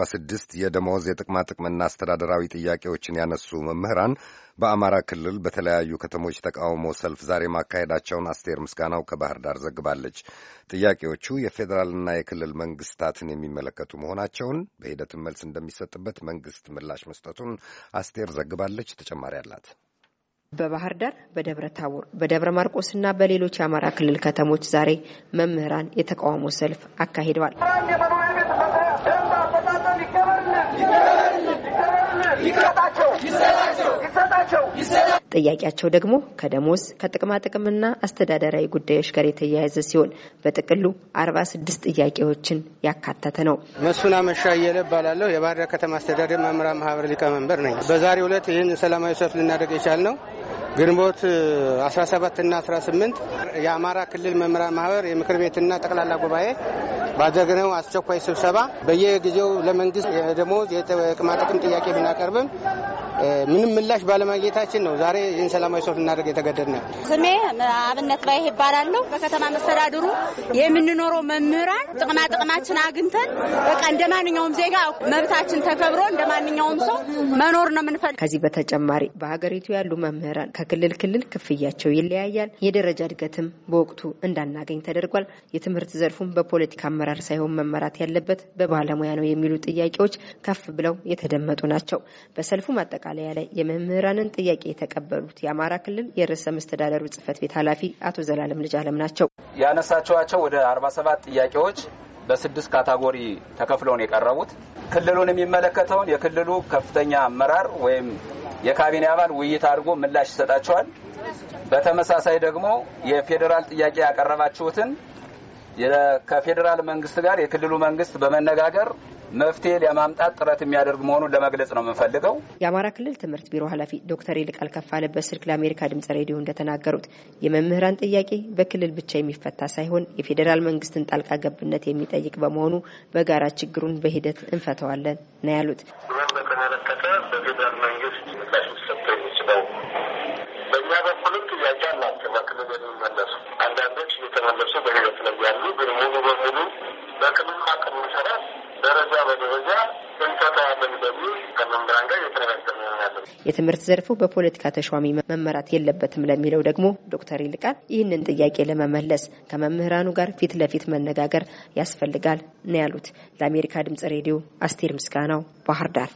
46 የደሞዝ የጥቅማ ጥቅምና አስተዳደራዊ ጥያቄዎችን ያነሱ መምህራን በአማራ ክልል በተለያዩ ከተሞች ተቃውሞ ሰልፍ ዛሬ ማካሄዳቸውን አስቴር ምስጋናው ከባህር ዳር ዘግባለች። ጥያቄዎቹ የፌዴራልና የክልል መንግስታትን የሚመለከቱ መሆናቸውን በሂደትም መልስ እንደሚሰጥበት መንግስት ምላሽ መስጠቱን አስቴር ዘግባለች። ተጨማሪ አላት። በባህር ዳር በደብረ ታቦር በደብረ ማርቆስና በሌሎች የአማራ ክልል ከተሞች ዛሬ መምህራን የተቃውሞ ሰልፍ አካሂደዋል። ጥያቄያቸው ደግሞ ከደሞዝ ከጥቅማ ጥቅምና አስተዳደራዊ ጉዳዮች ጋር የተያያዘ ሲሆን በጥቅሉ አርባ ስድስት ጥያቄዎችን ያካተተ ነው። መሱና መሻ እየለ እባላለሁ። የባህር ዳር ከተማ አስተዳደር መምህራን ማህበር ሊቀመንበር ነኝ። በዛሬው ዕለት ይህን ሰላማዊ ሰልፍ ልናደርግ የቻልነው ግንቦት 17 እና 18 የአማራ ክልል መምህራን ማህበር የምክር ቤትና ጠቅላላ ጉባኤ ባደረግነው አስቸኳይ ስብሰባ በየጊዜው ለመንግስት የደሞዝ የጥቅማጥቅም ጥያቄ ብናቀርብም ምንም ምላሽ ባለማግኘታችን ነው ዛሬ ይህን ሰላማዊ ሰልፍ እናደርግ የተገደድነው። ስሜ አብነት ባይ ይባላለሁ። በከተማ መስተዳድሩ የምንኖረው መምህራን ጥቅማ ጥቅማችን አግኝተን በቃ እንደ ማንኛውም ዜጋ መብታችን ተከብሮ እንደ ማንኛውም ሰው መኖር ነው የምንፈልግ። ከዚህ በተጨማሪ በሀገሪቱ ያሉ መምህራን ከክልል ክልል ክፍያቸው ይለያያል። የደረጃ እድገትም በወቅቱ እንዳናገኝ ተደርጓል። የትምህርት ዘርፉም በፖለቲካ አመራር ሳይሆን መመራት ያለበት በባለሙያ ነው የሚሉ ጥያቄዎች ከፍ ብለው የተደመጡ ናቸው። በሰልፉ ማጠቃ ማጠቃለያ ላይ የመምህራንን ጥያቄ የተቀበሉት የአማራ ክልል የርዕሰ መስተዳደሩ ጽህፈት ቤት ኃላፊ አቶ ዘላለም ልጅ አለም ናቸው። ያነሳቸዋቸው ወደ አርባ ሰባት ጥያቄዎች በስድስት ካታጎሪ ተከፍለውን የቀረቡት ክልሉን የሚመለከተውን የክልሉ ከፍተኛ አመራር ወይም የካቢኔ አባል ውይይት አድርጎ ምላሽ ይሰጣቸዋል። በተመሳሳይ ደግሞ የፌዴራል ጥያቄ ያቀረባችሁትን ከፌዴራል መንግስት ጋር የክልሉ መንግስት በመነጋገር መፍትሄ ለማምጣት ጥረት የሚያደርግ መሆኑን ለመግለጽ ነው የምንፈልገው። የአማራ ክልል ትምህርት ቢሮ ኃላፊ ዶክተር ይልቃል ከፋለ በስልክ ለአሜሪካ ድምጽ ሬዲዮ እንደተናገሩት የመምህራን ጥያቄ በክልል ብቻ የሚፈታ ሳይሆን የፌዴራል መንግስትን ጣልቃ ገብነት የሚጠይቅ በመሆኑ በጋራ ችግሩን በሂደት እንፈተዋለን ነው ያሉት። በተመለከተ በፌዴራል መንግስት ምላሽ ሊሰጠ የሚችለው በእኛ በኩልም ጥያቄ አላቸው። በክልል የሚመለሱ አንዳንዶች እየተመለሱ በሂደት ላይ ያሉ ግን ሙሉ በሙሉ የትምህርት ዘርፉ በፖለቲካ ተሿሚ መመራት የለበትም ለሚለው ደግሞ ዶክተር ይልቃል ይህንን ጥያቄ ለመመለስ ከመምህራኑ ጋር ፊት ለፊት መነጋገር ያስፈልጋል ነው ያሉት። ለአሜሪካ ድምጽ ሬዲዮ አስቴር ምስጋናው ባህር ዳር